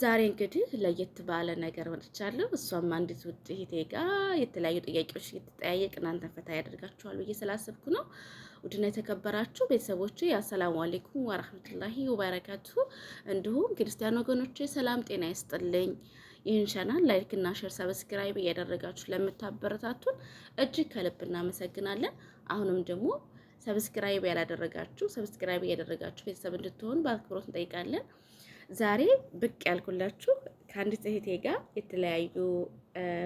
ዛሬ እንግዲህ ለየት ባለ ነገር መጥቻለሁ። እሷም አንዲት ውድ እህቴ ጋ የተለያዩ ጥያቄዎች እየተጠያየቅ እናንተ ፈታ ያደርጋችኋል ብዬ ስላሰብኩ ነው። ውድና የተከበራችሁ ቤተሰቦች አሰላሙ አሌይኩም ወረህመቱላሂ ወበረካቱ። እንዲሁም ክርስቲያን ወገኖቼ ሰላም ጤና ይስጥልኝ። ይህን ቻናል ላይክ እና ሼር ሰብስክራይብ እያደረጋችሁ ለምታበረታቱን እጅግ ከልብ እናመሰግናለን። አሁንም ደግሞ ሰብስክራይብ ያላደረጋችሁ ሰብስክራይብ እያደረጋችሁ ቤተሰብ እንድትሆኑ በአክብሮት እንጠይቃለን። ዛሬ ብቅ ያልኩላችሁ ከአንዲት እህቴ ጋር የተለያዩ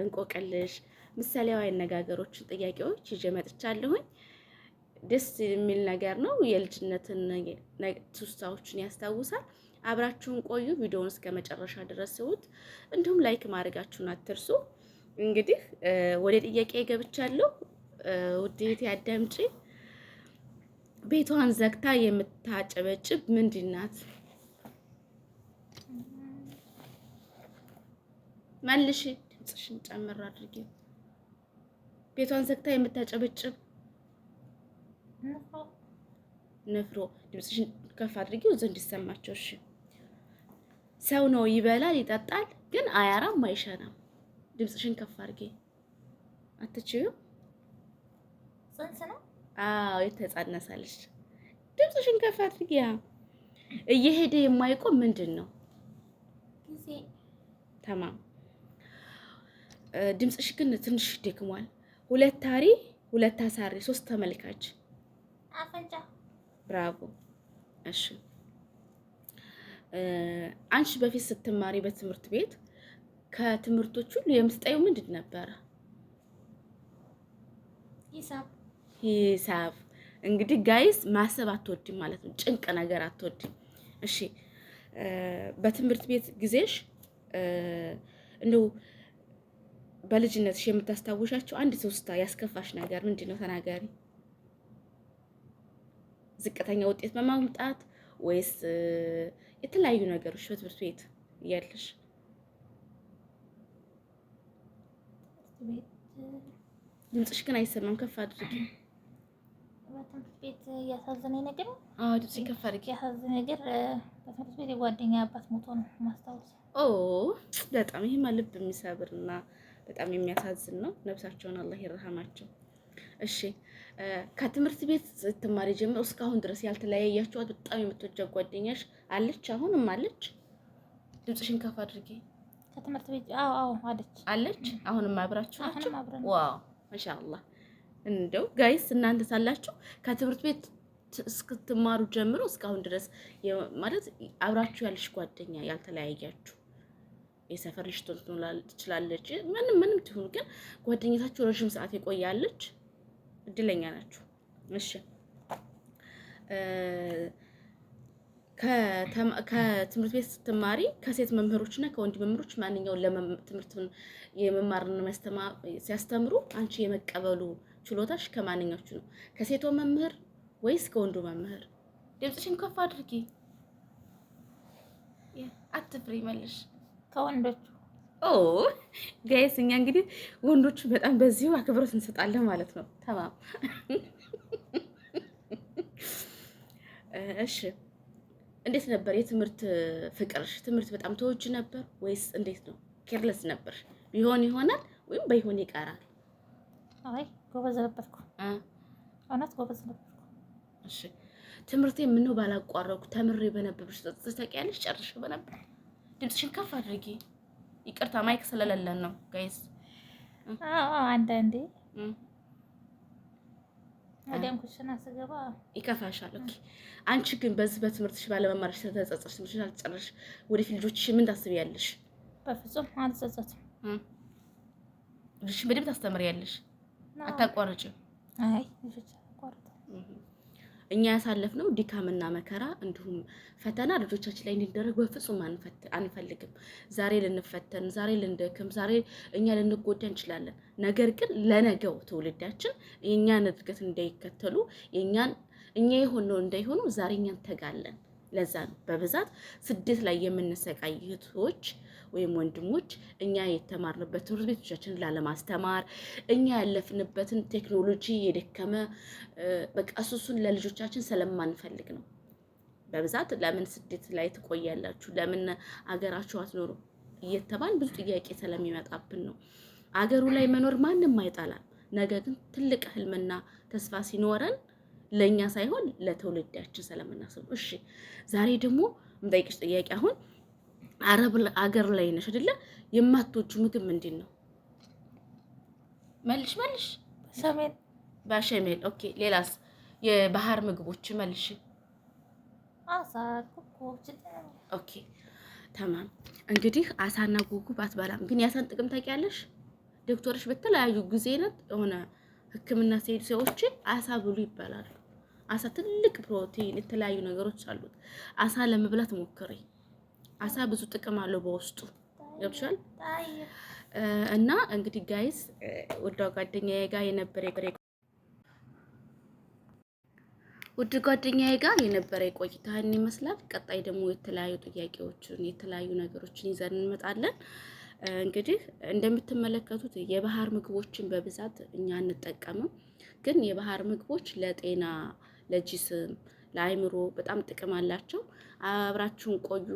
እንቆቅልሽ፣ ምሳሌያዊ አነጋገሮችን፣ ጥያቄዎች ይዤ መጥቻለሁኝ። ደስ የሚል ነገር ነው። የልጅነትን ትውስታዎችን ያስታውሳል። አብራችሁን ቆዩ። ቪዲዮውን እስከ መጨረሻ ድረስ ስውት፣ እንዲሁም ላይክ ማድረጋችሁን አትርሱ። እንግዲህ ወደ ጥያቄ ገብቻለሁ። ውዴት እህቴ ቤቷን ዘግታ የምታጨበጭብ ምንድን ናት? መልሽ፣ ድምፅሽን ጨምር አድርጊ። ቤቷን ዘግታ የምታጨበጭብ ንፍሮ፣ ድምፅሽን ከፍ አድርጊው ዘንድ እንዲሰማቸው። እሺ፣ ሰው ነው ይበላል፣ ይጠጣል፣ ግን አያራም፣ አይሸናም። ድምፅሽን ከፍ አድርጊ። አትችይም። ጽንስ ነው። አዎ፣ የተጻነሳለች። ድምፅሽን ከፍ አድርጊ። እየሄደ የማይቆም ምንድን ነው? ተማም ድምፅሽ ግን ትንሽ ደክሟል። ሁለት ታሪ፣ ሁለት አሳሪ፣ ሶስት ተመልካች። ብራቮ። እሺ አንቺ በፊት ስትማሪ በትምህርት ቤት ከትምህርቶች ሁሉ የምትጠዩ ምንድን ነበረ? ሂሳብ። ሂሳብ። እንግዲህ ጋይስ ማሰብ አትወድም ማለት ነው። ጭንቅ ነገር አትወድም። እሺ በትምህርት ቤት ጊዜሽ እንደው በልጅነትሽ የምታስታውሻቸው አንድ ትውስታ ያስከፋሽ ነገር ምንድን ነው? ተናገሪ። ዝቅተኛ ውጤት በማምጣት ወይስ የተለያዩ ነገሮች በትምህርት ቤት እያለሽ? ድምፅሽ ግን አይሰማም፣ ከፍ አድርጊ። በትምህርት ቤት ያሳዘነኝ ነገር ያሳዘነኝ ነገር በትምህርት ቤት የጓደኛ አባት ሞቶ ነው ማስታወስ። ኦ በጣም ይሄማ ልብ የሚሰብርና በጣም የሚያሳዝን ነው። ነብሳቸውን አላህ ይርሃማቸው። እሺ ከትምህርት ቤት ስትማሪ ጀምሮ እስካሁን ድረስ ያልተለያያችኋት በጣም የምትወጃት ጓደኛሽ አለች? አሁንም አለች? ድምፅሽን ከፍ አድርጊ። ከትምህርት ቤት አዎ፣ አዎ አለች፣ አለች። አሁንም አብራችሁ ናችሁ? ዋው ማሻአላህ እንደው ጋይስ እናንተ ሳላችሁ ከትምህርት ቤት እስክትማሩ ጀምሮ እስካሁን ድረስ ማለት አብራችሁ ያለሽ ጓደኛ ያልተለያያችሁ የሰፈር ልጅ ትችላለች፣ ምንም ምንም ትሁን፣ ግን ጓደኝታችሁ ረዥም ሰዓት የቆያለች እድለኛ ናችሁ። እሺ ከትምህርት ቤት ስትማሪ ከሴት መምህሮች እና ከወንድ መምህሮች ማንኛውን ትምህርትን የመማርን ሲያስተምሩ አንቺ የመቀበሉ ችሎታሽ ከማንኞቹ ነው? ከሴቶ መምህር ወይስ ከወንዱ መምህር? ድምፅሽን ከፍ አድርጊ። አትፍሪ፣ መልሽ። ከወንዶቹ ኦ ጋይስ፣ እኛ እንግዲህ ወንዶቹ በጣም በዚሁ አክብሮት እንሰጣለን ማለት ነው። ተማም እሺ እንዴት ነበር የትምህርት ፍቅርሽ? ትምህርት በጣም ተወጅ ነበር ወይስ እንዴት ነው? ኬርለስ ነበር? ቢሆን ይሆናል ወይም በይሆን ይቀራል? አይ ጎበዝ ነበርኩ፣ እውነት ጎበዝ ነበርኩ። እሺ ትምህርቴ ምነው ባላቋረኩ ተምሬ በነበርሽ ስጠጥተሽ ታውቂያለሽ? ጨርሼ በነበር። ድምፅሽን ከፍ አድርጊ። ይቅርታ ማይክ ስለሌለን ነው ጋይስ። አዎ አንዳንዴ ወዲያም ኩሽና ስገባ ይከፋሻል። ኦኬ አንቺ ግን በዚህ በትምህርትሽ ባለመማርሽ ስለተጸጸሽ ትምህርትሽን አልጨረሽ ወደፊት ልጆችሽ ምን ታስቢያለሽ? በፍጹም አልጸጸትም። ልጆችሽ በደምብ ታስተምሪያለሽ። አታቋርጭ። አይ እኛ ያሳለፍነው ድካምና መከራ እንዲሁም ፈተና ልጆቻችን ላይ እንዲደረግ በፍጹም አንፈልግም። ዛሬ ልንፈተን፣ ዛሬ ልንደክም፣ ዛሬ እኛ ልንጎዳ እንችላለን። ነገር ግን ለነገው ትውልዳችን የእኛን እድገት እንዳይከተሉ የእኛን እኛ የሆነው እንዳይሆኑ ዛሬ እኛ ተጋለን። ለዛ ነው በብዛት ስደት ላይ የምንሰቃይ እህቶች ወይም ወንድሞች እኛ የተማርንበት ትምህርት ቤቶቻችንን ላለማስተማር እኛ ያለፍንበትን ቴክኖሎጂ የደከመ በቃ እሱን ለልጆቻችን ስለማንፈልግ ነው። በብዛት ለምን ስደት ላይ ትቆያላችሁ፣ ለምን አገራችሁ አትኖሩ እየተባል ብዙ ጥያቄ ስለሚመጣብን ነው። አገሩ ላይ መኖር ማንም አይጠላም። ነገር ግን ትልቅ ህልምና ተስፋ ሲኖረን ለእኛ ሳይሆን ለትውልዳችን ስለምናስብ ነው። እሺ ዛሬ ደግሞ የምጠይቅሽ ጥያቄ አሁን አረብ አገር ላይ ነሽ አይደለ? የማትወጁ ምግብ ምንድን ነው? መልሽ መልሽ። ሰሜን ባሸሜል። ኦኬ። ሌላስ የባህር ምግቦች መልሽ። አሳ ኩኩ። ኦኬ ተማም። እንግዲህ አሳና ጉጉብ አትበላም፣ ግን የአሳን ጥቅም ታውቂያለሽ? ዶክተሮች በተለያዩ ጊዜ ሆነ ሕክምና ሲሄዱ ሰዎች አሳ ብሉ ይባላሉ። አሳ ትልቅ ፕሮቲን፣ የተለያዩ ነገሮች አሉት። አሳ ለመብላት ሞክሪ። አሳ ብዙ ጥቅም አለው በውስጡ ገብሻል። እና እንግዲህ ጋይስ ወዳ ጓደኛዬ ጋር የነበረ ውድ ጓደኛዬ ጋር የነበረ ቆይታ ይመስላል። ቀጣይ ደግሞ የተለያዩ ጥያቄዎችን የተለያዩ ነገሮችን ይዘን እንመጣለን። እንግዲህ እንደምትመለከቱት የባህር ምግቦችን በብዛት እኛ አንጠቀምም፣ ግን የባህር ምግቦች ለጤና ለጂስም ለአይምሮ በጣም ጥቅም አላቸው። አብራችሁን ቆዩ።